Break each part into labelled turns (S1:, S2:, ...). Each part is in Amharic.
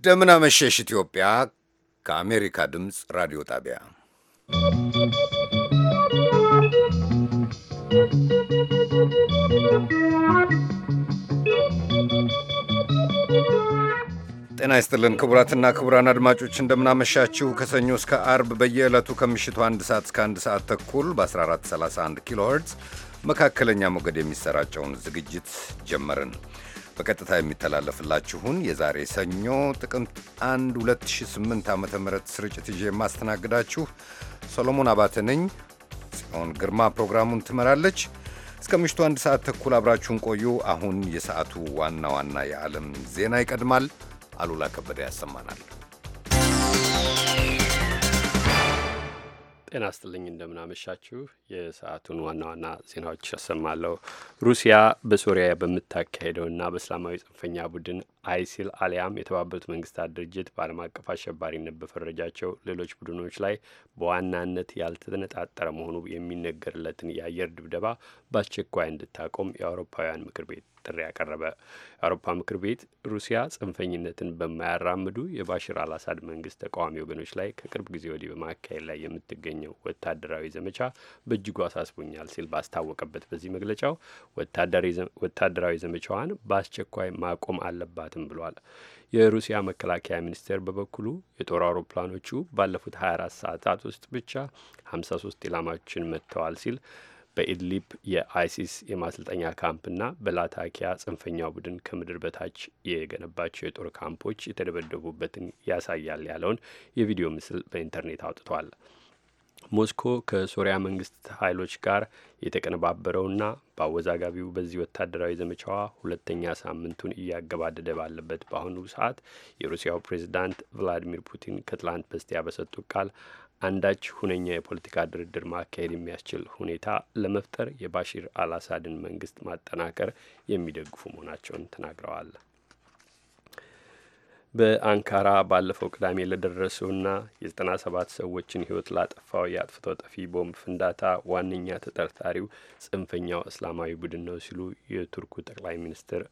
S1: እንደምን አመሸሽ ኢትዮጵያ። ከአሜሪካ ድምፅ ራዲዮ ጣቢያ ጤና ይስጥልን ክቡራትና ክቡራን አድማጮች እንደምናመሻችሁ። ከሰኞ እስከ አርብ በየዕለቱ ከምሽቱ አንድ ሰዓት እስከ አንድ ሰዓት ተኩል በ1431 ኪሎ ሄርትዝ መካከለኛ ሞገድ የሚሰራጨውን ዝግጅት ጀመርን። በቀጥታ የሚተላለፍላችሁን የዛሬ ሰኞ ጥቅምት 1 2008 ዓ ም ስርጭት ይዤ የማስተናግዳችሁ ሰሎሞን አባተ ነኝ። ጽዮን ግርማ ፕሮግራሙን ትመራለች። እስከ ምሽቱ አንድ ሰዓት ተኩል አብራችሁን ቆዩ። አሁን የሰዓቱ ዋና ዋና የዓለም ዜና ይቀድማል።
S2: አሉላ ከበደ ያሰማናል። ጤና ስጥልኝ እንደምናመሻችሁ። የሰዓቱን ዋና ዋና ዜናዎች አሰማለሁ። ሩሲያ በሶሪያ በምታካሄደውና በእስላማዊ ጽንፈኛ ቡድን አይሲል አሊያም የተባበሩት መንግስታት ድርጅት በዓለም አቀፍ አሸባሪነት በፈረጃቸው ሌሎች ቡድኖች ላይ በዋናነት ያልተነጣጠረ መሆኑ የሚነገርለትን የአየር ድብደባ በአስቸኳይ እንድታቆም የአውሮፓውያን ምክር ቤት ጥሪ ያቀረበ የአውሮፓ ምክር ቤት ሩሲያ ጽንፈኝነትን በማያራምዱ የባሽር አልአሳድ መንግስት ተቃዋሚ ወገኖች ላይ ከቅርብ ጊዜ ወዲህ በማካሄድ ላይ የምትገኘው ወታደራዊ ዘመቻ በእጅጉ አሳስቦኛል ሲል ባስታወቀበት በዚህ መግለጫው ወታደራዊ ዘመቻዋን በአስቸኳይ ማቆም አለባት የለባትም ብሏል። የሩሲያ መከላከያ ሚኒስቴር በበኩሉ የጦር አውሮፕላኖቹ ባለፉት 24 ሰዓታት ውስጥ ብቻ 53 ኢላማዎችን መጥተዋል ሲል በኢድሊብ የአይሲስ የማሰልጠኛ ካምፕና በላታኪያ ጽንፈኛው ቡድን ከምድር በታች የገነባቸው የጦር ካምፖች የተደበደቡበትን ያሳያል ያለውን የቪዲዮ ምስል በኢንተርኔት አውጥቷል። ሞስኮ ከሶሪያ መንግስት ኃይሎች ጋር የተቀነባበረውና በአወዛጋቢው በዚህ ወታደራዊ ዘመቻዋ ሁለተኛ ሳምንቱን እያገባደደ ባለበት በአሁኑ ሰዓት የሩሲያው ፕሬዚዳንት ቭላዲሚር ፑቲን ከትላንት በስቲያ በሰጡት ቃል አንዳች ሁነኛ የፖለቲካ ድርድር ማካሄድ የሚያስችል ሁኔታ ለመፍጠር የባሽር አልአሳድን መንግስት ማጠናከር የሚደግፉ መሆናቸውን ተናግረዋል። በአንካራ ባለፈው ቅዳሜ ለደረሰውና የዘጠና ሰባት ሰዎችን ህይወት ላጠፋው የአጥፍቶ ጠፊ ቦምብ ፍንዳታ ዋነኛ ተጠርጣሪው ጽንፈኛው እስላማዊ ቡድን ነው ሲሉ የቱርኩ ጠቅላይ ሚኒስትር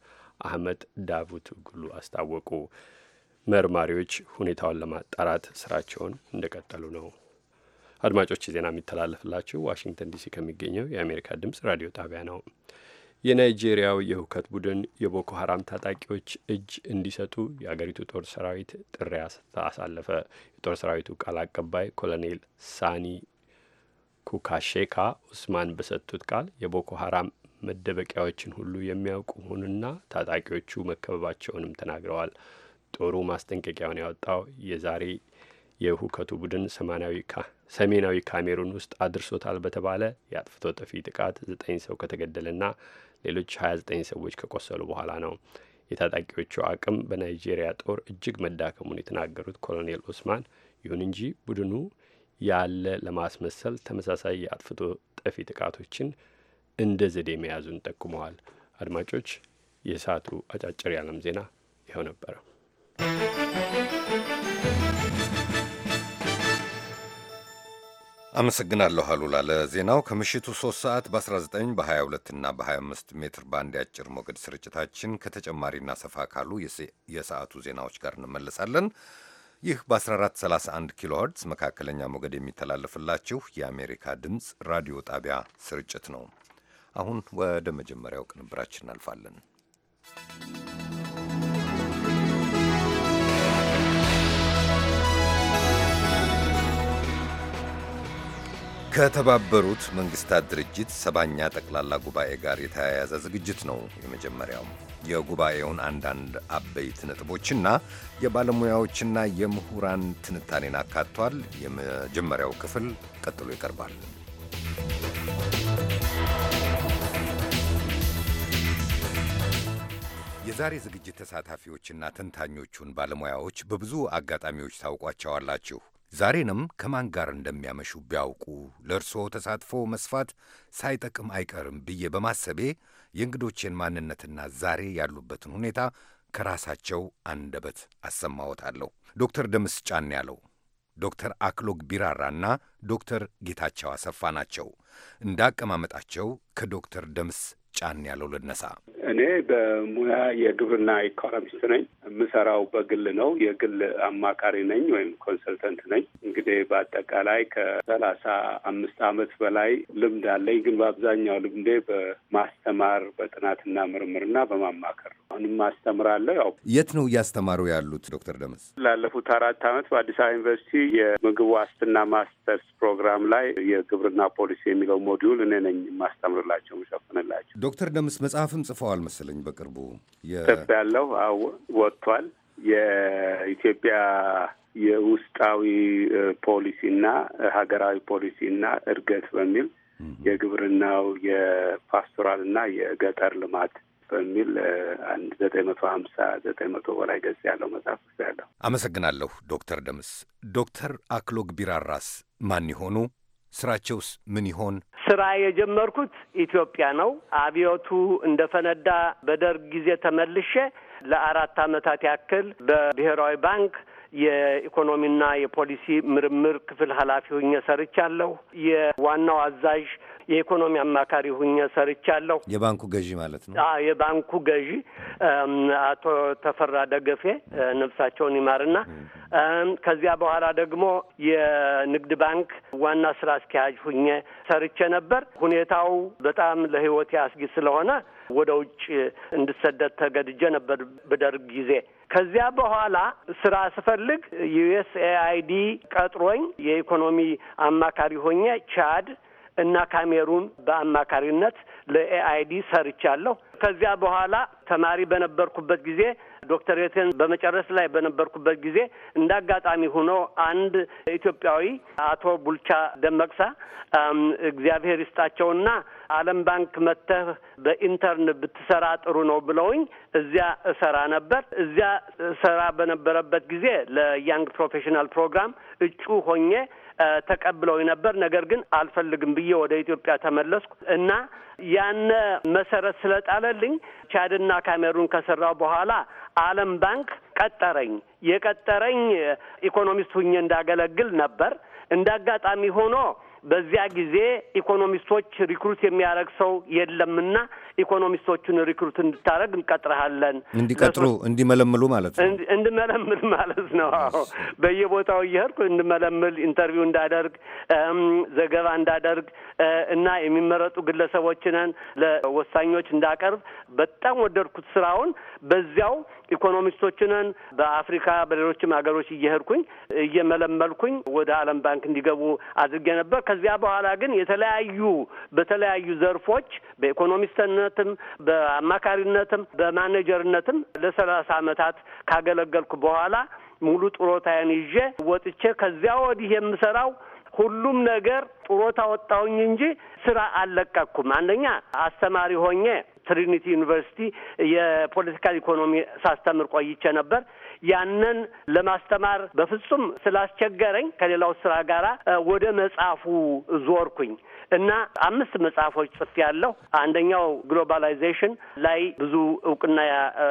S2: አህመድ ዳቡት ጉሉ አስታወቁ። መርማሪዎች ሁኔታውን ለማጣራት ስራቸውን እንደቀጠሉ ነው። አድማጮች ዜና የሚተላለፍላችሁ ዋሽንግተን ዲሲ ከሚገኘው የአሜሪካ ድምጽ ራዲዮ ጣቢያ ነው። የናይጄሪያው የሁከት ቡድን የቦኮ ሀራም ታጣቂዎች እጅ እንዲሰጡ የአገሪቱ ጦር ሰራዊት ጥሪ አሳለፈ። የጦር ሰራዊቱ ቃል አቀባይ ኮሎኔል ሳኒ ኩካሼካ ኡስማን በሰጡት ቃል የቦኮ ሀራም መደበቂያዎችን ሁሉ የሚያውቁ መሆኑንና ታጣቂዎቹ መከበባቸውንም ተናግረዋል። ጦሩ ማስጠንቀቂያውን ያወጣው የዛሬ የሁከቱ ቡድን ሰሜናዊ ካሜሩን ውስጥ አድርሶታል በተባለ የአጥፍቶ ጠፊ ጥቃት ዘጠኝ ሰው ከተገደለና ሌሎች 29 ሰዎች ከቆሰሉ በኋላ ነው። የታጣቂዎቹ አቅም በናይጄሪያ ጦር እጅግ መዳከሙን የተናገሩት ኮሎኔል ኡስማን፣ ይሁን እንጂ ቡድኑ ያለ ለማስመሰል ተመሳሳይ የአጥፍቶ ጠፊ ጥቃቶችን እንደ ዘዴ መያዙን ጠቁመዋል። አድማጮች፣ የሰዓቱ አጫጭር የዓለም ዜና ይኸው ነበረ።
S1: አመሰግናለሁ አሉላ ለዜናው። ከምሽቱ 3 ሰዓት በ19 በ22 እና በ25 ሜትር ባንድ ያጭር ሞገድ ስርጭታችን ከተጨማሪና ሰፋ ካሉ የሰዓቱ ዜናዎች ጋር እንመለሳለን። ይህ በ1431 ኪሎ ሄርትዝ መካከለኛ ሞገድ የሚተላለፍላችሁ የአሜሪካ ድምፅ ራዲዮ ጣቢያ ስርጭት ነው። አሁን ወደ መጀመሪያው ቅንብራችን እናልፋለን። ከተባበሩት መንግስታት ድርጅት ሰባኛ ጠቅላላ ጉባኤ ጋር የተያያዘ ዝግጅት ነው የመጀመሪያው። የጉባኤውን አንዳንድ አበይት ነጥቦችና የባለሙያዎችና የምሁራን ትንታኔን አካቷል። የመጀመሪያው ክፍል ቀጥሎ ይቀርባል። የዛሬ ዝግጅት ተሳታፊዎችና ተንታኞቹን ባለሙያዎች በብዙ አጋጣሚዎች ታውቋቸዋላችሁ። ዛሬንም ከማን ጋር እንደሚያመሹ ቢያውቁ ለእርስዎ ተሳትፎ መስፋት ሳይጠቅም አይቀርም ብዬ በማሰቤ የእንግዶቼን ማንነትና ዛሬ ያሉበትን ሁኔታ ከራሳቸው አንደበት አሰማዎታለሁ። ዶክተር ደምስ ጫን ያለው፣ ዶክተር አክሎግ ቢራራና ዶክተር ጌታቸው አሰፋ ናቸው። እንዳቀማመጣቸው ከዶክተር ደምስ ጫን ያለው ልነሳ።
S3: እኔ በሙያ የግብርና ኢኮኖሚስት ነኝ። የምሰራው በግል ነው። የግል አማካሪ ነኝ ወይም ኮንሰልተንት ነኝ። እንግዲህ በአጠቃላይ ከሰላሳ አምስት ዓመት በላይ ልምድ አለኝ። ግን በአብዛኛው ልምዴ በማስተማር በጥናትና ምርምርና በማማከር ነው። አሁንም አስተምራለሁ። ያው
S1: የት ነው እያስተማሩ ያሉት ዶክተር ደምስ?
S3: ላለፉት አራት ዓመት በአዲስ አበባ ዩኒቨርሲቲ የምግብ ዋስትና ማስተርስ ፕሮግራም ላይ የግብርና ፖሊሲ የሚለው ሞዲውል እኔ ነኝ የማስተምርላቸው፣ የምሸፍንላቸው።
S1: ዶክተር ደመስ መጽሐፍም ጽፈዋል ወጥቷል መሰለኝ በቅርቡ ከፍ
S3: ያለው ወጥቷል። የኢትዮጵያ የውስጣዊ ፖሊሲና ሀገራዊ ፖሊሲና እድገት በሚል የግብርናው የፓስቶራልና የገጠር ልማት በሚል አንድ ዘጠኝ መቶ ሀምሳ ዘጠኝ መቶ በላይ ገጽ ያለው መጽሐፍ ውስጥ
S4: ያለው።
S1: አመሰግናለሁ ዶክተር ደምስ። ዶክተር አክሎግ ቢራራስ ማን ይሆኑ? ስራቸውስ ምን ይሆን?
S4: ስራ የጀመርኩት ኢትዮጵያ ነው። አብዮቱ እንደፈነዳ በደርግ ጊዜ ተመልሼ ለአራት ዓመታት ያክል በብሔራዊ ባንክ የኢኮኖሚና የፖሊሲ ምርምር ክፍል ኃላፊ ሁኜ ሰርቻለሁ። የዋናው አዛዥ የኢኮኖሚ አማካሪ ሁኜ ሰርቻለሁ። የባንኩ ገዢ ማለት ነው። የባንኩ ገዢ አቶ ተፈራ ደገፌ ነፍሳቸውን ይማርና ከዚያ በኋላ ደግሞ የንግድ ባንክ ዋና ስራ አስኪያጅ ሁኜ ሰርቼ ነበር። ሁኔታው በጣም ለሕይወቴ አስጊ ስለሆነ ወደ ውጭ እንድሰደድ ተገድጄ ነበር በደርግ ጊዜ። ከዚያ በኋላ ስራ ስፈልግ ዩኤስኤአይዲ ቀጥሮኝ የኢኮኖሚ አማካሪ ሆኜ ቻድ እና ካሜሩን በአማካሪነት ለኤአይዲ ሰርቻለሁ። ከዚያ በኋላ ተማሪ በነበርኩበት ጊዜ ዶክተሬትን በመጨረስ ላይ በነበርኩበት ጊዜ እንደ አጋጣሚ ሆኖ አንድ ኢትዮጵያዊ አቶ ቡልቻ ደመቅሳ እግዚአብሔር ይስጣቸውና ዓለም ባንክ መጥተህ በኢንተርን ብትሰራ ጥሩ ነው ብለውኝ እዚያ እሰራ ነበር። እዚያ ስራ በነበረበት ጊዜ ለያንግ ፕሮፌሽናል ፕሮግራም እጩ ሆኜ ተቀብለውኝ ነበር። ነገር ግን አልፈልግም ብዬ ወደ ኢትዮጵያ ተመለስኩ እና ያነ መሰረት ስለጣለልኝ ቻድና ካሜሩን ከሰራው በኋላ ዓለም ባንክ ቀጠረኝ። የቀጠረኝ ኢኮኖሚስት ሁኜ እንዳገለግል ነበር። እንደ አጋጣሚ ሆኖ በዚያ ጊዜ ኢኮኖሚስቶች ሪክሩት የሚያደርግ ሰው የለምና ኢኮኖሚስቶቹን ሪክሩት እንድታደረግ እንቀጥረሃለን፣
S1: እንዲቀጥሩ እንዲመለምሉ ማለት ነው።
S4: እንድመለምል ማለት ነው። በየቦታው እየሄድኩ እንድመለምል፣ ኢንተርቪው እንዳደርግ፣ ዘገባ እንዳደርግ እና የሚመረጡ ግለሰቦችንን ለወሳኞች እንዳቀርብ በጣም ወደድኩት ስራውን በዚያው ኢኮኖሚስቶችንን በአፍሪካ በሌሎችም ሀገሮች እየሄድኩኝ እየመለመልኩኝ ወደ ዓለም ባንክ እንዲገቡ አድርጌ ነበር። ከዚያ በኋላ ግን የተለያዩ በተለያዩ ዘርፎች በኢኮኖሚስትነትም፣ በአማካሪነትም፣ በማኔጀርነትም ለሰላሳ አመታት ካገለገልኩ በኋላ ሙሉ ጥሮታዬን ይዤ ወጥቼ ከዚያ ወዲህ የምሰራው ሁሉም ነገር ጥሮታ ወጣሁኝ እንጂ ስራ አልለቀኩም። አንደኛ አስተማሪ ሆኜ ትሪኒቲ ዩኒቨርሲቲ የፖለቲካል ኢኮኖሚ ሳስተምር ቆይቼ ነበር። ያንን ለማስተማር በፍጹም ስላስቸገረኝ ከሌላው ስራ ጋራ ወደ መጽሐፉ ዞርኩኝ እና አምስት መጽሐፎች ጽፌያለሁ። አንደኛው ግሎባላይዜሽን ላይ ብዙ እውቅና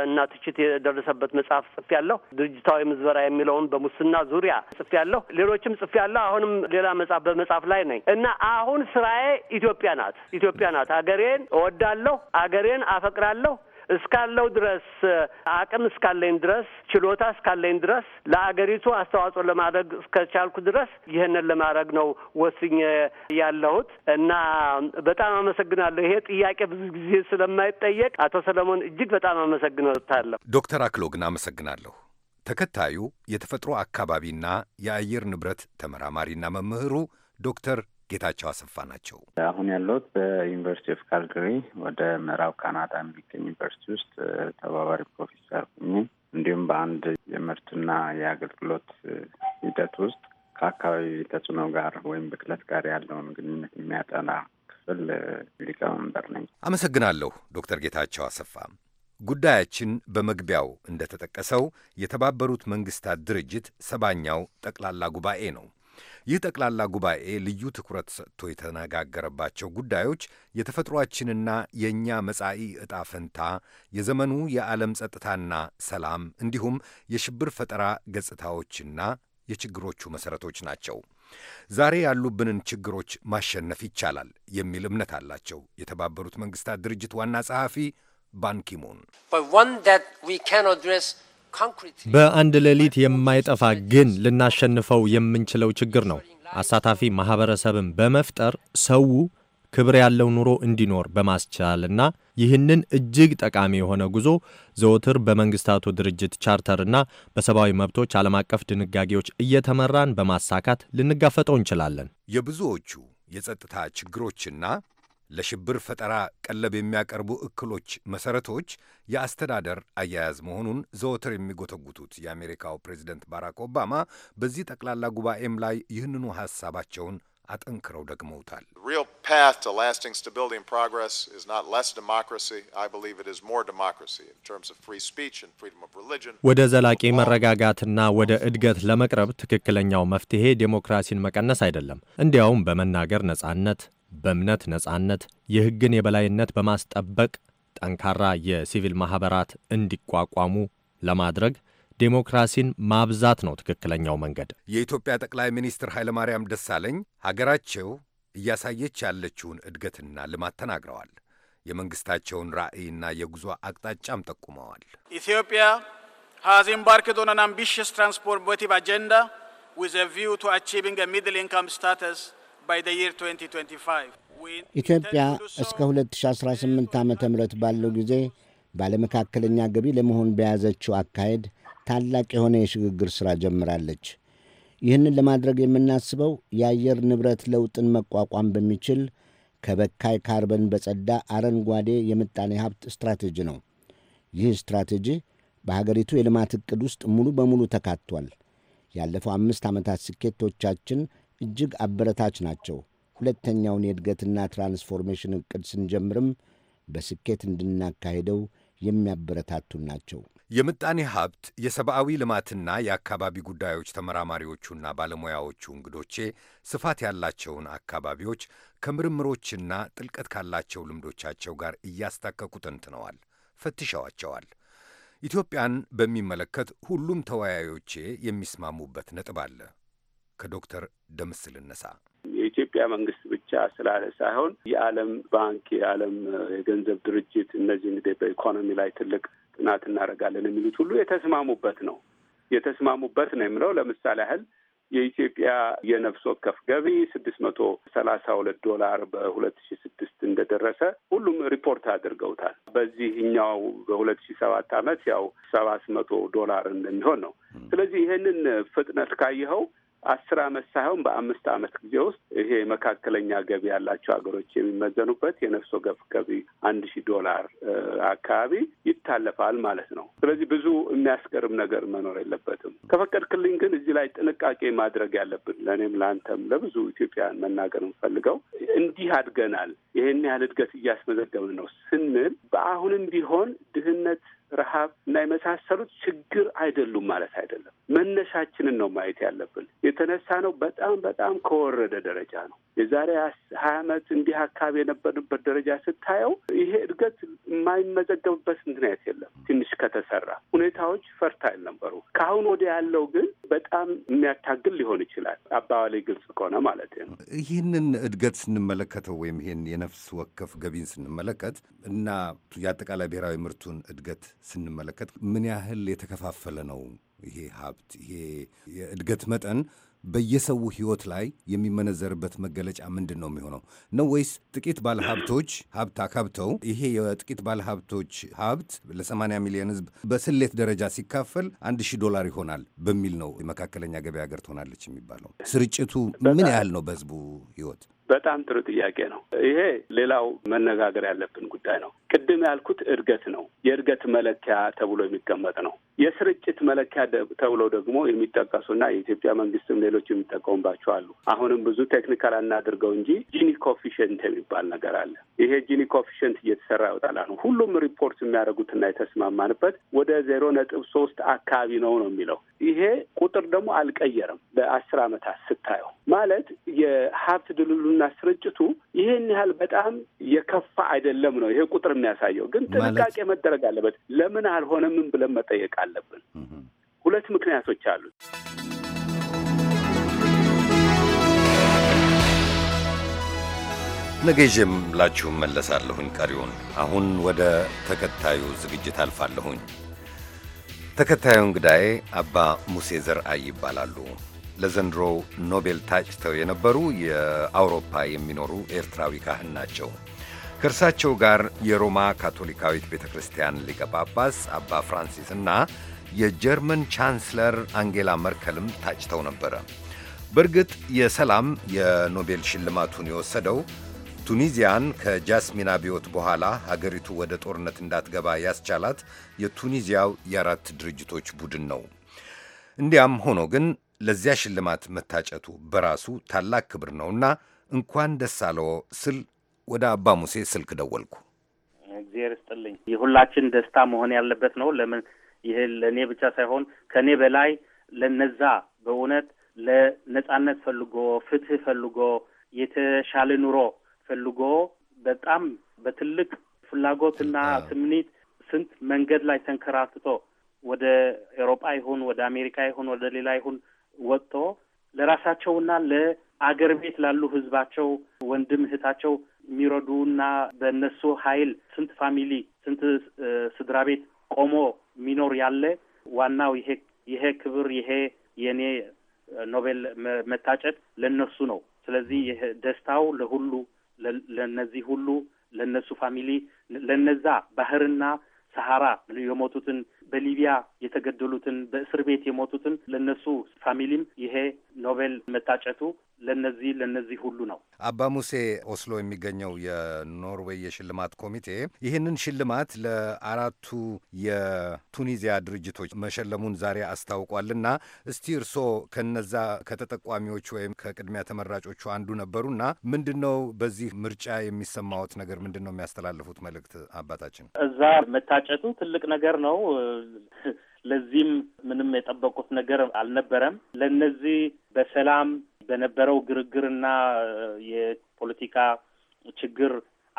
S4: እና ትችት የደረሰበት መጽሐፍ ጽፌያለሁ። ድርጅታዊ ምዝበራ የሚለውን በሙስና ዙሪያ ጽፌያለሁ። ሌሎችም ጽፌያለሁ። አሁንም ሌላ መጽሐፍ በመጽሐፍ ላይ ነኝ እና አሁን ስራዬ ኢትዮጵያ ናት። ኢትዮጵያ ናት። አገሬን እወዳለሁ። አገሬን አፈቅራለሁ። እስካለው ድረስ አቅም እስካለኝ ድረስ ችሎታ እስካለኝ ድረስ ለአገሪቱ አስተዋጽኦ ለማድረግ እስከቻልኩ ድረስ ይህንን ለማድረግ ነው ወስኜ ያለሁት እና በጣም አመሰግናለሁ። ይሄ ጥያቄ ብዙ ጊዜ ስለማይጠየቅ አቶ ሰለሞን እጅግ በጣም አመሰግኖታለሁ። ዶክተር አክሎግን
S1: አመሰግናለሁ። ተከታዩ የተፈጥሮ አካባቢና የአየር ንብረት ተመራማሪና መምህሩ ዶክተር ጌታቸው አሰፋ ናቸው።
S3: አሁን ያለሁት በዩኒቨርሲቲ ኦፍ ካልጋሪ ወደ ምዕራብ ካናዳ የሚገኝ ዩኒቨርሲቲ ውስጥ ተባባሪ ፕሮፌሰር ሁኜ እንዲሁም በአንድ የምርትና የአገልግሎት ሂደት ውስጥ ከአካባቢ ተጽዕኖ ጋር ወይም ብክለት ጋር
S1: ያለውን ግንኙነት የሚያጠና ክፍል ሊቀመንበር ነኝ። አመሰግናለሁ ዶክተር ጌታቸው አሰፋ። ጉዳያችን በመግቢያው እንደተጠቀሰው የተባበሩት መንግስታት ድርጅት ሰባኛው ጠቅላላ ጉባኤ ነው። ይህ ጠቅላላ ጉባኤ ልዩ ትኩረት ሰጥቶ የተነጋገረባቸው ጉዳዮች የተፈጥሯችንና የእኛ መጻኢ ዕጣ ፈንታ፣ የዘመኑ የዓለም ጸጥታና ሰላም እንዲሁም የሽብር ፈጠራ ገጽታዎችና የችግሮቹ መሠረቶች ናቸው። ዛሬ ያሉብንን ችግሮች ማሸነፍ ይቻላል የሚል እምነት አላቸው የተባበሩት መንግሥታት ድርጅት ዋና ጸሐፊ ባንኪሙን በአንድ
S5: ሌሊት የማይጠፋ ግን ልናሸንፈው የምንችለው ችግር ነው። አሳታፊ ማኅበረሰብን በመፍጠር ሰው ክብር ያለው ኑሮ እንዲኖር በማስቻልና ይህንን እጅግ ጠቃሚ የሆነ ጉዞ ዘወትር በመንግሥታቱ ድርጅት ቻርተርና በሰብአዊ መብቶች ዓለም አቀፍ ድንጋጌዎች እየተመራን በማሳካት ልንጋፈጠው እንችላለን።
S1: የብዙዎቹ የጸጥታ ችግሮችና ለሽብር ፈጠራ ቀለብ የሚያቀርቡ እክሎች መሠረቶች የአስተዳደር አያያዝ መሆኑን ዘወትር የሚጎተጉቱት የአሜሪካው ፕሬዚደንት ባራክ ኦባማ በዚህ ጠቅላላ ጉባኤም ላይ ይህንኑ ሐሳባቸውን አጠንክረው
S5: ደግመውታል። ወደ ዘላቂ መረጋጋትና ወደ እድገት ለመቅረብ ትክክለኛው መፍትሄ ዴሞክራሲን መቀነስ አይደለም፣ እንዲያውም በመናገር ነጻነት በእምነት ነጻነት የሕግን የበላይነት በማስጠበቅ ጠንካራ የሲቪል ማኅበራት እንዲቋቋሙ ለማድረግ ዴሞክራሲን ማብዛት ነው ትክክለኛው መንገድ።
S1: የኢትዮጵያ ጠቅላይ ሚኒስትር ኃይለማርያም ደሳለኝ ሀገራቸው እያሳየች ያለችውን እድገትና ልማት ተናግረዋል። የመንግሥታቸውን ራዕይና የጉዞ አቅጣጫም ጠቁመዋል።
S5: ኢትዮጵያ ሃዝ ኤምባርክድ ኦን አን አምቢሽስ ትራንስፎርሜቲቭ አጀንዳ ዊዝ ቪው ቱ አቺቪንግ ሚድል ኢንካም ስታተስ
S6: ኢትዮጵያ እስከ 2018 ዓ ም ባለው ጊዜ ባለመካከለኛ ገቢ ለመሆን በያዘችው አካሄድ ታላቅ የሆነ የሽግግር ሥራ ጀምራለች። ይህንን ለማድረግ የምናስበው የአየር ንብረት ለውጥን መቋቋም በሚችል ከበካይ ካርበን በጸዳ አረንጓዴ የምጣኔ ሀብት ስትራቴጂ ነው። ይህ ስትራቴጂ በሀገሪቱ የልማት ዕቅድ ውስጥ ሙሉ በሙሉ ተካቷል። ያለፈው አምስት ዓመታት ስኬቶቻችን እጅግ አበረታች ናቸው። ሁለተኛውን የእድገትና ትራንስፎርሜሽን ዕቅድ ስንጀምርም በስኬት እንድናካሄደው የሚያበረታቱን ናቸው።
S1: የምጣኔ ሀብት የሰብአዊ ልማትና የአካባቢ ጉዳዮች ተመራማሪዎቹና ባለሙያዎቹ እንግዶቼ ስፋት ያላቸውን አካባቢዎች ከምርምሮችና ጥልቀት ካላቸው ልምዶቻቸው ጋር እያስታከኩ ተንትነዋል፣ ፈትሸዋቸዋል። ኢትዮጵያን በሚመለከት ሁሉም ተወያዮቼ የሚስማሙበት ነጥብ አለ። ከዶክተር ደምስ ልነሳ።
S3: የኢትዮጵያ መንግስት ብቻ ስላለ ሳይሆን የዓለም ባንክ፣ የዓለም የገንዘብ ድርጅት እነዚህ እንግዲህ በኢኮኖሚ ላይ ትልቅ ጥናት እናደርጋለን የሚሉት ሁሉ የተስማሙበት ነው የተስማሙበት ነው የምለው ለምሳሌ ያህል የኢትዮጵያ የነፍስ ወከፍ ገቢ ስድስት መቶ ሰላሳ ሁለት ዶላር በሁለት ሺ ስድስት እንደደረሰ ሁሉም ሪፖርት አድርገውታል። በዚህኛው በሁለት ሺ ሰባት ዓመት ያው ሰባት መቶ ዶላር እንደሚሆን ነው። ስለዚህ ይህንን ፍጥነት ካየኸው አስር አመት ሳይሆን በአምስት አመት ጊዜ ውስጥ ይሄ መካከለኛ ገቢ ያላቸው ሀገሮች የሚመዘኑበት የነፍስ ወከፍ ገቢ አንድ ሺህ ዶላር አካባቢ ይታለፋል ማለት ነው። ስለዚህ ብዙ የሚያስገርም ነገር መኖር የለበትም። ከፈቀድክልኝ ግን እዚህ ላይ ጥንቃቄ ማድረግ ያለብን ለእኔም ለአንተም ለብዙ ኢትዮጵያን መናገር የምፈልገው እንዲህ አድገናል፣ ይህን ያህል እድገት እያስመዘገብን ነው ስንል በአሁንም ቢሆን ድህነት ረሃብ እና የመሳሰሉት ችግር አይደሉም ማለት አይደለም። መነሻችንን ነው ማየት ያለብን። የተነሳ ነው በጣም በጣም ከወረደ ደረጃ ነው። የዛሬ ሀያ ዓመት እንዲህ አካባቢ የነበርንበት ደረጃ ስታየው ይሄ እድገት የማይመዘገብበት ምክንያት የለም። ትንሽ ከተሰራ ሁኔታዎች ፈርታይል ነበሩ። ከአሁን ወደ ያለው ግን በጣም የሚያታግል ሊሆን ይችላል። አባባሌ ግልጽ ከሆነ ማለት ነው።
S1: ይህንን እድገት ስንመለከተው ወይም ይህን የነፍስ ወከፍ ገቢን ስንመለከት እና የአጠቃላይ ብሔራዊ ምርቱን እድገት ስንመለከት ምን ያህል የተከፋፈለ ነው ይሄ ሀብት? ይሄ የእድገት መጠን በየሰው ህይወት ላይ የሚመነዘርበት መገለጫ ምንድን ነው የሚሆነው? ነው ወይስ ጥቂት ባለሀብቶች ሀብት አካብተው ይሄ የጥቂት ባለሀብቶች ሀብት ለ80 ሚሊዮን ህዝብ በስሌት ደረጃ ሲካፈል አንድ ሺህ ዶላር ይሆናል በሚል ነው የመካከለኛ ገበያ ሀገር ትሆናለች የሚባለው? ስርጭቱ ምን ያህል ነው በህዝቡ ህይወት
S3: በጣም ጥሩ ጥያቄ ነው። ይሄ ሌላው መነጋገር ያለብን ጉዳይ ነው። ቅድም ያልኩት እድገት ነው። የእድገት መለኪያ ተብሎ የሚቀመጥ ነው። የስርጭት መለኪያ ተብሎ ደግሞ የሚጠቀሱና የኢትዮጵያ መንግስትም ሌሎች የሚጠቀሙባቸው አሉ። አሁንም ብዙ ቴክኒካል አናድርገው እንጂ ጂኒ ኮፊሽንት የሚባል ነገር አለ። ይሄ ጂኒ ኮፊሽንት እየተሰራ ይወጣል። አሁን ሁሉም ሪፖርት የሚያደርጉትና የተስማማንበት ወደ ዜሮ ነጥብ ሶስት አካባቢ ነው ነው የሚለው ይሄ ቁጥር ደግሞ አልቀየረም። በአስር ዓመታት ስታየው ማለት የሀብት ድልሉና ስርጭቱ ይህን ያህል በጣም የከፋ አይደለም ነው ይሄ ቁጥር የሚያሳየው። ግን ጥንቃቄ መደረግ አለበት። ለምን ምን ብለን መጠየቅ አለብን። ሁለት ምክንያቶች
S1: አሉት። ነገዥም ላችሁ መለሳለሁኝ ቀሪውን። አሁን ወደ ተከታዩ ዝግጅት አልፋለሁኝ። ተከታዩ እንግዳዬ አባ ሙሴ ዘርአይ ይባላሉ። ለዘንድሮ ኖቤል ታጭተው የነበሩ የአውሮፓ የሚኖሩ ኤርትራዊ ካህን ናቸው። ከእርሳቸው ጋር የሮማ ካቶሊካዊት ቤተ ክርስቲያን ሊቀ ጳጳስ አባ ፍራንሲስ እና የጀርመን ቻንስለር አንጌላ መርከልም ታጭተው ነበረ። በእርግጥ የሰላም የኖቤል ሽልማቱን የወሰደው ቱኒዚያን ከጃስሚን አብዮት በኋላ ሀገሪቱ ወደ ጦርነት እንዳትገባ ያስቻላት የቱኒዚያው የአራት ድርጅቶች ቡድን ነው። እንዲያም ሆኖ ግን ለዚያ ሽልማት መታጨቱ በራሱ ታላቅ ክብር ነውና እንኳን ደስ አለዎ ስል ወደ አባ ሙሴ ስልክ ደወልኩ።
S5: እግዚአብሔር ይስጥልኝ። የሁላችን ደስታ መሆን ያለበት ነው። ለምን ይህ ለእኔ ብቻ ሳይሆን ከእኔ በላይ ለነዛ በእውነት ለነጻነት ፈልጎ ፍትህ ፈልጎ የተሻለ ኑሮ ፈልጎ በጣም በትልቅ ፍላጎትና ትምኒት ስንት መንገድ ላይ ተንከራትቶ ወደ ኤሮጳ ይሁን ወደ አሜሪካ ይሁን ወደ ሌላ ይሁን ወጥቶ ለራሳቸውና ለአገር ቤት ላሉ ህዝባቸው ወንድም እህታቸው የሚረዱና በእነሱ ኃይል ስንት ፋሚሊ ስንት ስድራ ቤት ቆሞ የሚኖር ያለ ዋናው ይሄ ይሄ ክብር ይሄ የእኔ ኖቤል መታጨት ለነሱ ነው። ስለዚህ ይሄ ደስታው ለሁሉ ለነዚህ ሁሉ ለነሱ ፋሚሊ ለነዛ ባህርና ሰሐራ የሞቱትን በሊቢያ የተገደሉትን በእስር ቤት የሞቱትን ለነሱ ፋሚሊም ይሄ ኖቤል መታጨቱ ለነዚህ ለነዚህ ሁሉ ነው።
S1: አባ ሙሴ ኦስሎ የሚገኘው የኖርዌይ የሽልማት ኮሚቴ ይህንን ሽልማት ለአራቱ የቱኒዚያ ድርጅቶች መሸለሙን ዛሬ አስታውቋልና እስቲ እርስዎ ከነዛ ከተጠቋሚዎች ወይም ከቅድሚያ ተመራጮቹ አንዱ ነበሩና ምንድን ነው በዚህ ምርጫ የሚሰማዎት ነገር? ምንድን ነው የሚያስተላልፉት መልእክት አባታችን?
S5: እዛ መታጨቱ ትልቅ ነገር ነው። ለዚህም ምንም የጠበቁት ነገር አልነበረም። ለእነዚህ በሰላም በነበረው ግርግርና የፖለቲካ ችግር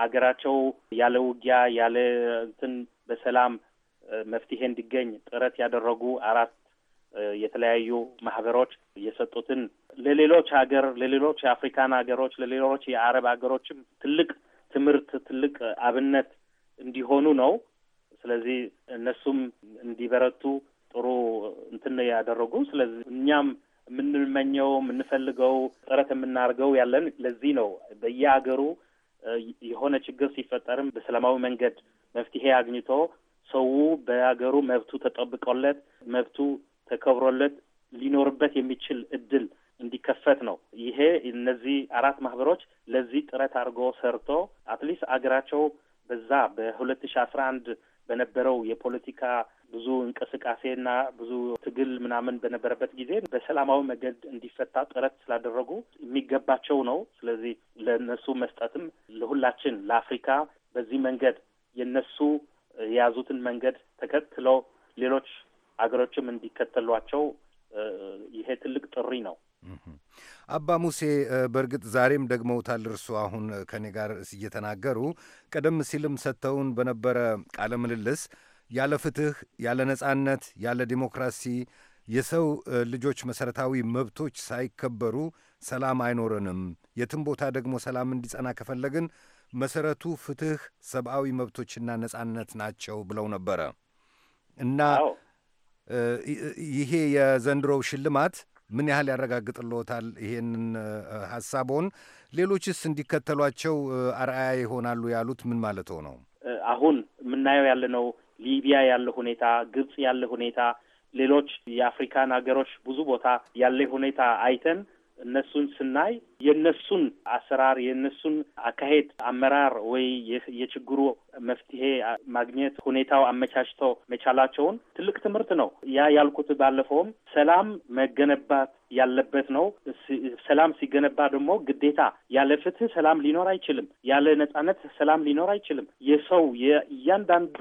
S5: አገራቸው ያለ ውጊያ ያለ እንትን በሰላም መፍትሄ እንዲገኝ ጥረት ያደረጉ አራት የተለያዩ ማህበሮች የሰጡትን ለሌሎች ሀገር ለሌሎች የአፍሪካን ሀገሮች ለሌሎች የአረብ ሀገሮችም ትልቅ ትምህርት ትልቅ አብነት እንዲሆኑ ነው። ስለዚህ እነሱም እንዲበረቱ ጥሩ እንትን ያደረጉ። ስለዚህ እኛም የምንመኘው የምንፈልገው ጥረት የምናደርገው ያለን ለዚህ ነው። በየአገሩ የሆነ ችግር ሲፈጠርም በሰላማዊ መንገድ መፍትሄ አግኝቶ ሰው በሀገሩ መብቱ ተጠብቆለት መብቱ ተከብሮለት ሊኖርበት የሚችል እድል እንዲከፈት ነው። ይሄ እነዚህ አራት ማህበሮች ለዚህ ጥረት አድርጎ ሰርቶ አትሊስት አገራቸው በዛ በሁለት ሺ አስራ አንድ በነበረው የፖለቲካ ብዙ እንቅስቃሴና ብዙ ትግል ምናምን በነበረበት ጊዜ በሰላማዊ መንገድ እንዲፈታ ጥረት ስላደረጉ የሚገባቸው ነው። ስለዚህ ለእነሱ መስጠትም ለሁላችን ለአፍሪካ በዚህ መንገድ የእነሱ የያዙትን መንገድ ተከትለው ሌሎች አገሮችም እንዲከተሏቸው ይሄ ትልቅ ጥሪ ነው።
S1: አባ ሙሴ በእርግጥ ዛሬም ደግመውታል። እርሱ አሁን ከእኔ ጋር እየተናገሩ ቀደም ሲልም ሰጥተውን በነበረ ቃለ ምልልስ ያለ ፍትህ፣ ያለ ነጻነት፣ ያለ ዲሞክራሲ የሰው ልጆች መሠረታዊ መብቶች ሳይከበሩ ሰላም አይኖረንም። የትም ቦታ ደግሞ ሰላም እንዲጸና ከፈለግን መሠረቱ ፍትህ፣ ሰብአዊ መብቶችና ነጻነት ናቸው ብለው ነበረ እና ይሄ የዘንድሮው ሽልማት ምን ያህል ያረጋግጥልዎታል ይሄንን ሀሳቦን? ሌሎችስ እንዲከተሏቸው አርአያ ይሆናሉ ያሉት ምን ማለት ነው?
S5: አሁን የምናየው ነው ሊቢያ ያለ ሁኔታ፣ ግብጽ ያለ ሁኔታ፣ ሌሎች የአፍሪካን ሀገሮች ብዙ ቦታ ያለ ሁኔታ አይተን እነሱን ስናይ የእነሱን አሰራር የእነሱን አካሄድ አመራር ወይ የችግሩ መፍትሄ ማግኘት ሁኔታው አመቻችቶ መቻላቸውን ትልቅ ትምህርት ነው። ያ ያልኩት ባለፈውም ሰላም መገነባት ያለበት ነው። ሰላም ሲገነባ ደግሞ ግዴታ ያለ ፍትህ ሰላም ሊኖር አይችልም። ያለ ነጻነት ሰላም ሊኖር አይችልም። የሰው የእያንዳንዱ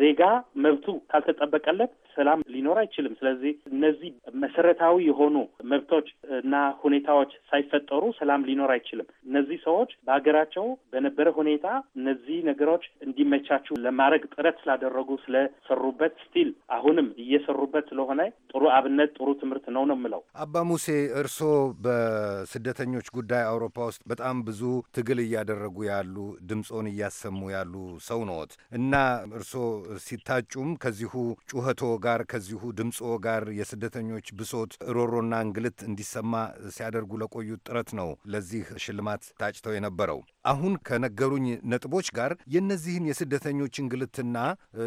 S5: ዜጋ መብቱ ካልተጠበቀለት ሰላም ሊኖር አይችልም። ስለዚህ እነዚህ መሰረታዊ የሆኑ መብቶች እና ሁኔታዎች ሳይፈጠሩ ሰላም ሊኖር አይችልም። እነዚህ ሰዎች በሀገራቸው በነበረ ሁኔታ እነዚህ ነገሮች እንዲመቻችሁ ለማድረግ ጥረት ስላደረጉ ስለሰሩበት ስቲል አሁንም እየሰሩበት ስለሆነ ጥሩ አብነት ጥሩ ትምህርት ነው ነው የምለው።
S1: አባ ሙሴ እርስዎ በስደተኞች ጉዳይ አውሮፓ ውስጥ በጣም ብዙ ትግል እያደረጉ ያሉ ድምፆን እያሰሙ ያሉ ሰው ነዎት እና እርስዎ ሲታጩም ከዚሁ ጩኸቶ ጋር ከዚሁ ድምፆ ጋር የስደተኞች ብሶት ሮሮና እንግልት እንዲሰማ ሲያደርጉ ለቆዩት ጥረት ነው ለዚህ ሽልማት ታጭተው የነበረው። አሁን ከነገሩኝ ነጥቦች ጋር የእነዚህን የስደተኞች እንግልትና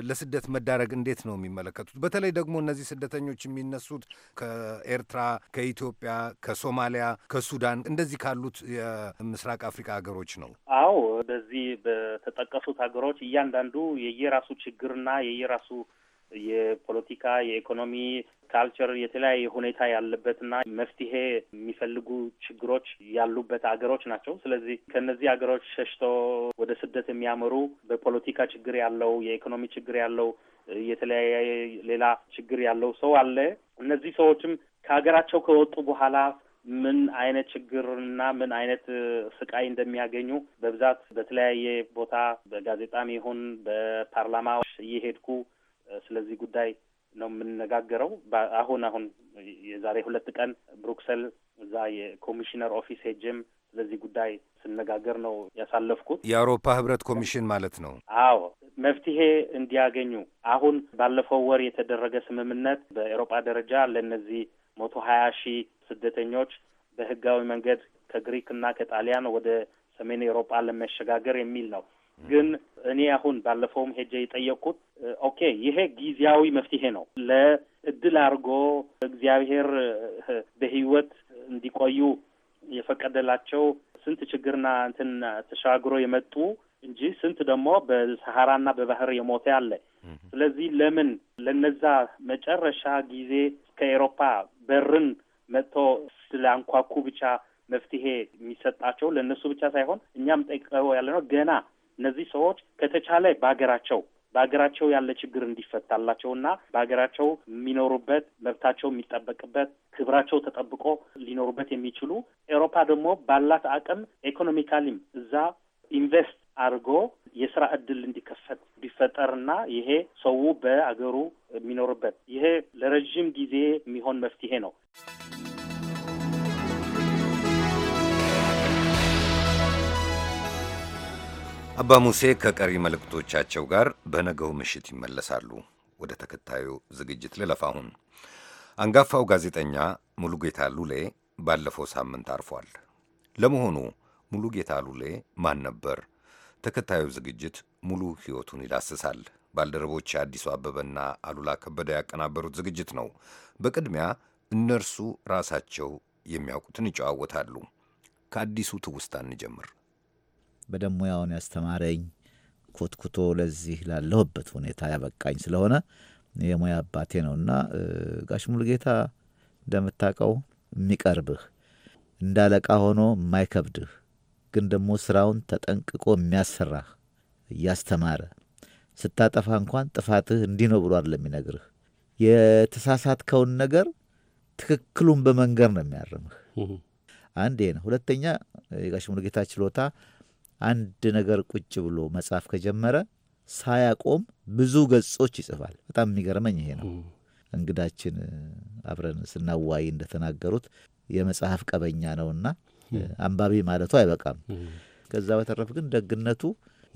S1: ለስደት መዳረግ እንዴት ነው የሚመለከቱት? በተለይ ደግሞ እነዚህ ስደተኞች የሚነሱት ከኤርትራ፣ ከኢትዮጵያ፣ ከሶማሊያ፣ ከሱዳን እንደዚህ ካሉት የምስራቅ አፍሪካ ሀገሮች ነው።
S5: አዎ በዚህ በተጠቀሱት ሀገሮች እያንዳንዱ የየራሱ ችግርና የየራሱ የፖለቲካ፣ የኢኮኖሚ፣ ካልቸር የተለያየ ሁኔታ ያለበትና መፍትሄ የሚፈልጉ ችግሮች ያሉበት አገሮች ናቸው። ስለዚህ ከነዚህ ሀገሮች ሸሽቶ ወደ ስደት የሚያመሩ በፖለቲካ ችግር ያለው የኢኮኖሚ ችግር ያለው የተለያየ ሌላ ችግር ያለው ሰው አለ። እነዚህ ሰዎችም ከሀገራቸው ከወጡ በኋላ ምን አይነት ችግርና ምን አይነት ስቃይ እንደሚያገኙ በብዛት በተለያየ ቦታ በጋዜጣም ይሁን በፓርላማ እየሄድኩ ስለዚህ ጉዳይ ነው የምንነጋገረው። አሁን አሁን የዛሬ ሁለት ቀን ብሩክሰል እዛ የኮሚሽነር ኦፊስ ሄጅም ስለዚህ ጉዳይ ስነጋገር ነው ያሳለፍኩት። የአውሮፓ ህብረት
S1: ኮሚሽን ማለት ነው።
S5: አዎ መፍትሄ እንዲያገኙ አሁን ባለፈው ወር የተደረገ ስምምነት በኤሮጳ ደረጃ ለእነዚህ መቶ ሀያ ሺህ ስደተኞች በህጋዊ መንገድ ከግሪክ እና ከጣሊያን ወደ ሰሜን ኤሮጳ ለመሸጋገር የሚል ነው። ግን እኔ አሁን ባለፈውም ሄጄ የጠየቅኩት ኦኬ ይሄ ጊዜያዊ መፍትሄ ነው ለእድል አድርጎ እግዚአብሔር በህይወት እንዲቆዩ የፈቀደላቸው ስንት ችግርና እንትን ተሻግሮ የመጡ እንጂ ስንት ደግሞ በሰሐራና በባህር የሞተ አለ። ስለዚህ ለምን ለነዛ መጨረሻ ጊዜ ከኤሮፓ በርን መጥቶ አንኳኩ ብቻ መፍትሄ የሚሰጣቸው ለእነሱ ብቻ ሳይሆን እኛም ጠይቀው ያለ ነው ገና እነዚህ ሰዎች ከተቻለ በሀገራቸው በሀገራቸው ያለ ችግር እንዲፈታላቸውና በሀገራቸው የሚኖሩበት መብታቸው የሚጠበቅበት ክብራቸው ተጠብቆ ሊኖሩበት የሚችሉ ኤውሮፓ ደግሞ ባላት አቅም ኢኮኖሚካሊም እዛ ኢንቨስት አድርጎ የስራ እድል እንዲከፈት ቢፈጠርና ይሄ ሰው በአገሩ የሚኖርበት ይሄ ለረዥም ጊዜ የሚሆን መፍትሄ
S6: ነው።
S1: አባ ሙሴ ከቀሪ መልእክቶቻቸው ጋር በነገው ምሽት ይመለሳሉ። ወደ ተከታዩ ዝግጅት ልለፍ። አሁን አንጋፋው ጋዜጠኛ ሙሉጌታ ሉሌ ባለፈው ሳምንት አርፏል። ለመሆኑ ሙሉጌታ ሉሌ ማን ነበር? ተከታዩ ዝግጅት ሙሉ ሕይወቱን ይዳስሳል። ባልደረቦች አዲሱ አበበና አሉላ ከበደ ያቀናበሩት ዝግጅት ነው። በቅድሚያ እነርሱ ራሳቸው የሚያውቁትን ይጨዋወታሉ። ከአዲሱ ትውስታ እንጀምር።
S6: በደም ሙያውን ያስተማረኝ ኮትኩቶ ለዚህ ላለሁበት ሁኔታ ያበቃኝ ስለሆነ የሙያ አባቴ ነውና ጋሽ ሙሉጌታ እንደምታውቀው የሚቀርብህ እንዳለቃ ሆኖ የማይከብድህ ግን ደግሞ ስራውን ተጠንቅቆ የሚያሰራህ እያስተማረ ስታጠፋ እንኳን ጥፋትህ እንዲህ ነው ብሎ አይደለም የሚነግርህ። የተሳሳትከውን ነገር ትክክሉን በመንገር ነው የሚያርምህ። አንድ ይሄ ነው። ሁለተኛ የጋሽ ሙሉጌታ ችሎታ አንድ ነገር ቁጭ ብሎ መጻፍ ከጀመረ ሳያቆም ብዙ ገጾች ይጽፋል። በጣም የሚገርመኝ ይሄ ነው። እንግዳችን አብረን ስናዋይ እንደተናገሩት የመጽሐፍ ቀበኛ ነውና አንባቢ ማለቱ አይበቃም። ከዛ በተረፍ ግን ደግነቱ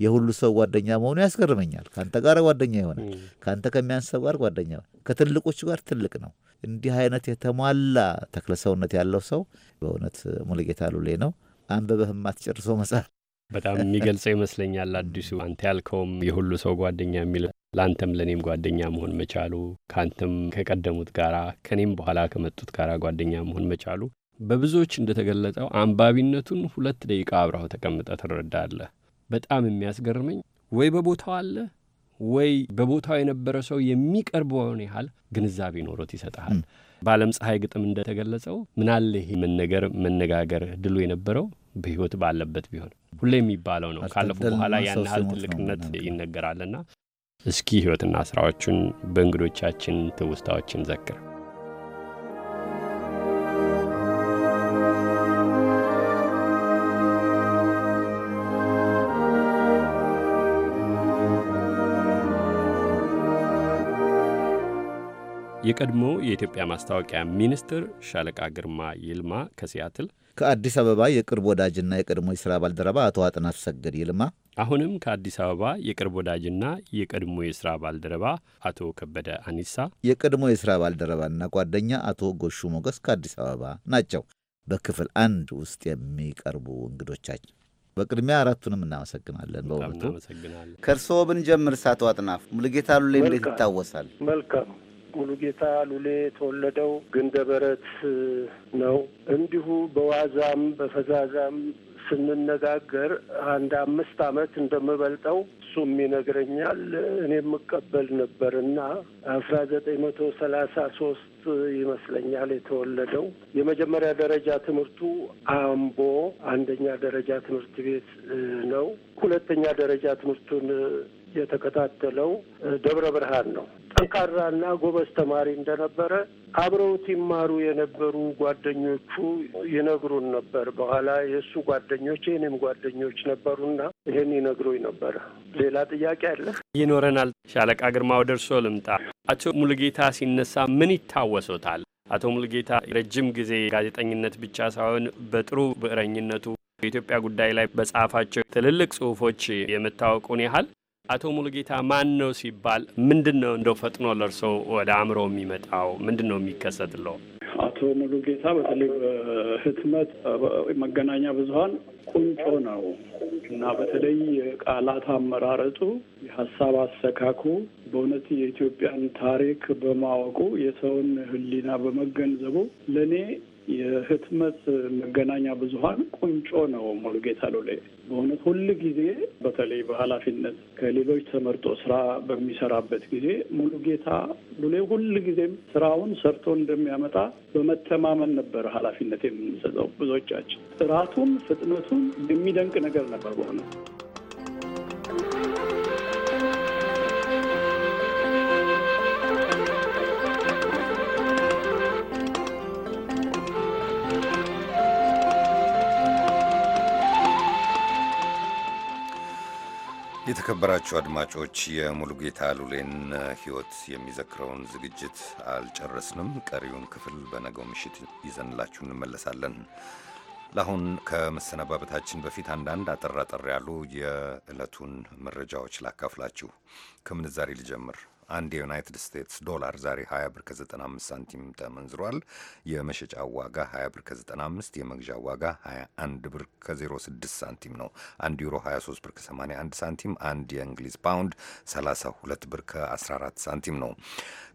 S6: የሁሉ ሰው ጓደኛ መሆኑ ያስገርመኛል። ከአንተ ጋር ጓደኛ ይሆናል። ከአንተ ከሚያንስ ሰው ጋር ጓደኛ፣ ከትልቆች ጋር ትልቅ ነው። እንዲህ አይነት የተሟላ ተክለ ሰውነት ያለው ሰው በእውነት ሙሉጌታ ሉሌ ነው። አንብበህም አትጨርሰው መጽሐፍ በጣም የሚገልጸው
S2: ይመስለኛል። አዲሱ አንተ ያልከውም የሁሉ ሰው ጓደኛ የሚል ለአንተም ለእኔም ጓደኛ መሆን መቻሉ ከአንተም ከቀደሙት ጋራ ከእኔም በኋላ ከመጡት ጋራ ጓደኛ መሆን መቻሉ በብዙዎች እንደተገለጠው አንባቢነቱን ሁለት ደቂቃ አብረው ተቀምጠ ትረዳለህ። በጣም የሚያስገርመኝ ወይ በቦታው አለ ወይ በቦታው የነበረ ሰው የሚቀርበውን ያህል ግንዛቤ ኖሮት ይሰጠሃል። በዓለም ፀሐይ ግጥም እንደተገለጸው ምናለ መነገር መነጋገር ድሉ የነበረው በሕይወት ባለበት ቢሆን ሁሌ የሚባለው ነው። ካለፉ በኋላ ያን ያህል ትልቅነት ይነገራልና እስኪ ህይወትና ስራዎቹን በእንግዶቻችን ትውስታዎችን ዘክር። የቀድሞ የኢትዮጵያ ማስታወቂያ ሚኒስትር ሻለቃ ግርማ ይልማ ከሲያትል
S6: ከአዲስ አበባ የቅርብ ወዳጅና የቀድሞ የሥራ ባልደረባ አቶ አጥናፍ ሰገድ ይልማ፣
S2: አሁንም ከአዲስ አበባ የቅርብ ወዳጅና የቀድሞ የሥራ ባልደረባ አቶ ከበደ አኒሳ፣
S6: የቀድሞ የሥራ ባልደረባና ጓደኛ አቶ ጎሹ ሞገስ ከአዲስ አበባ ናቸው በክፍል አንድ ውስጥ የሚቀርቡ እንግዶቻችን። በቅድሚያ አራቱንም እናመሰግናለን። በእውነቱ ከእርስዎ ብንጀምር አቶ አጥናፍ ሙሉጌታ ሉሌ እንዴት ይታወሳል?
S4: መልካም ሙሉጌታ ሉሌ የተወለደው ግንደበረት ነው። እንዲሁ በዋዛም በፈዛዛም ስንነጋገር አንድ አምስት ዓመት እንደምበልጠው እሱም ይነግረኛል እኔ የምቀበል ነበር እና አስራ ዘጠኝ መቶ ሰላሳ ሶስት ይመስለኛል የተወለደው። የመጀመሪያ ደረጃ ትምህርቱ አምቦ አንደኛ ደረጃ ትምህርት ቤት ነው። ሁለተኛ ደረጃ ትምህርቱን የተከታተለው ደብረ ብርሃን ነው። ጠንካራና ጎበዝ ተማሪ እንደነበረ አብረውት ይማሩ የነበሩ ጓደኞቹ ይነግሩን ነበር። በኋላ የእሱ ጓደኞች የእኔም ጓደኞች ነበሩና ይህን ይነግሩኝ ነበረ። ሌላ ጥያቄ አለ
S2: ይኖረናል። ሻለቃ ግርማ ወደ እርሶ ልምጣ። አቶ ሙሉጌታ ሲነሳ ምን ይታወሶታል? አቶ ሙሉጌታ ረጅም ጊዜ ጋዜጠኝነት ብቻ ሳይሆን በጥሩ ብዕረኝነቱ በኢትዮጵያ ጉዳይ ላይ በጻፋቸው ትልልቅ ጽሁፎች የመታወቁን ያህል አቶ ሙሉጌታ ማን ነው ሲባል ምንድን ነው እንደው ፈጥኖ ለእርስዎ ወደ አእምሮ የሚመጣው ምንድን ነው የሚከሰትለው?
S3: አቶ ሙሉጌታ በተለይ በህትመት መገናኛ ብዙኃን ቁንጮ ነው እና በተለይ የቃላት አመራረጡ፣ የሀሳብ አሰካኩ በእውነት የኢትዮጵያን ታሪክ በማወቁ የሰውን ሕሊና በመገንዘቡ ለእኔ የህትመት መገናኛ ብዙሀን ቁንጮ ነው። ሙሉጌታ ሎሌ በእውነት ሁል ጊዜ በተለይ በሀላፊነት ከሌሎች ተመርጦ ስራ በሚሰራበት ጊዜ ሙሉጌታ ሎሌ ሁል ጊዜም ስራውን ሰርቶ እንደሚያመጣ በመተማመን ነበር ሀላፊነት የምንሰጠው ብዙዎቻችን። ጥራቱም ፍጥነቱም የሚደንቅ ነገር ነበር በእውነት
S1: የተከበራችሁ አድማጮች የሙሉጌታ ሉሌን ሕይወት የሚዘክረውን ዝግጅት አልጨረስንም። ቀሪውን ክፍል በነገው ምሽት ይዘንላችሁ እንመለሳለን። ለአሁን ከመሰነባበታችን በፊት አንዳንድ አጠር አጠር ያሉ የዕለቱን መረጃዎች ላካፍላችሁ። ከምንዛሬ ልጀምር። አንድ የዩናይትድ ስቴትስ ዶላር ዛሬ 20 ብር ከ95 ሳንቲም ተመንዝሯል። የመሸጫ ዋጋ 20 ብር ከ95፣ የመግዣ ዋጋ 21 ብር ከ06 ሳንቲም ነው። አንድ ዩሮ 23 ብር ከ81 ሳንቲም፣ አንድ የእንግሊዝ ፓውንድ 32 ብር ከ14 ሳንቲም ነው።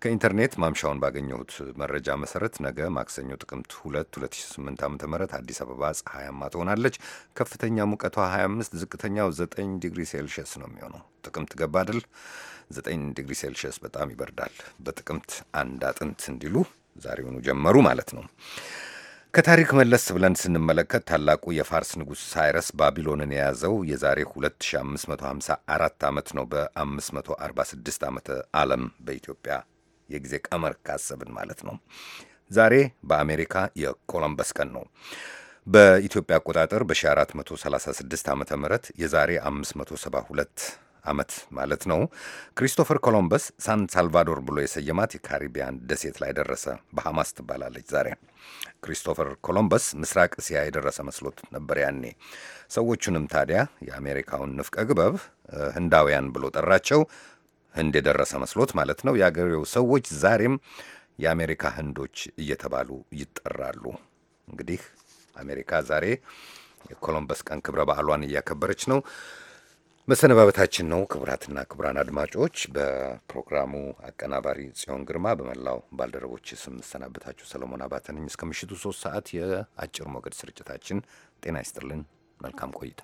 S1: ከኢንተርኔት ማምሻውን ባገኘሁት መረጃ መሰረት ነገ ማክሰኞ ጥቅምት 2 2008 ዓ ም አዲስ አበባ ፀሐያማ ትሆናለች። ከፍተኛ ሙቀቷ 25፣ ዝቅተኛው 9 ዲግሪ ሴልሽየስ ነው የሚሆነው። ጥቅምት ገባ አይደል? ዘጠኝ ዲግሪ ሴልሺየስ በጣም ይበርዳል። በጥቅምት አንድ አጥንት እንዲሉ ዛሬውኑ ጀመሩ ማለት ነው። ከታሪክ መለስ ብለን ስንመለከት ታላቁ የፋርስ ንጉሥ ሳይረስ ባቢሎንን የያዘው የዛሬ 2554 ዓመት ነው። በ546 ዓመተ ዓለም በኢትዮጵያ የጊዜ ቀመር ካሰብን ማለት ነው። ዛሬ በአሜሪካ የኮሎምበስ ቀን ነው። በኢትዮጵያ አቆጣጠር በ1436 ዓ ም የዛሬ 572 ዓመት ማለት ነው ክሪስቶፈር ኮሎምበስ ሳን ሳልቫዶር ብሎ የሰየማት የካሪቢያን ደሴት ላይ ደረሰ። በሐማስ ትባላለች ዛሬ። ክሪስቶፈር ኮሎምበስ ምስራቅ እስያ የደረሰ መስሎት ነበር ያኔ። ሰዎቹንም ታዲያ የአሜሪካውን ንፍቀ ግበብ ህንዳውያን ብሎ ጠራቸው። ህንድ የደረሰ መስሎት ማለት ነው። የአገሬው ሰዎች ዛሬም የአሜሪካ ህንዶች እየተባሉ ይጠራሉ። እንግዲህ አሜሪካ ዛሬ የኮሎምበስ ቀን ክብረ በዓሏን እያከበረች ነው። መሰነባበታችን ነው። ክቡራትና ክቡራን አድማጮች በፕሮግራሙ አቀናባሪ ጽዮን ግርማ በመላው ባልደረቦች ስም ሰናበታችሁ ሰለሞን አባተ ነኝ። እስከ ምሽቱ ሶስት ሰዓት የአጭር ሞገድ ስርጭታችን ጤና ይስጥልን። መልካም ቆይታ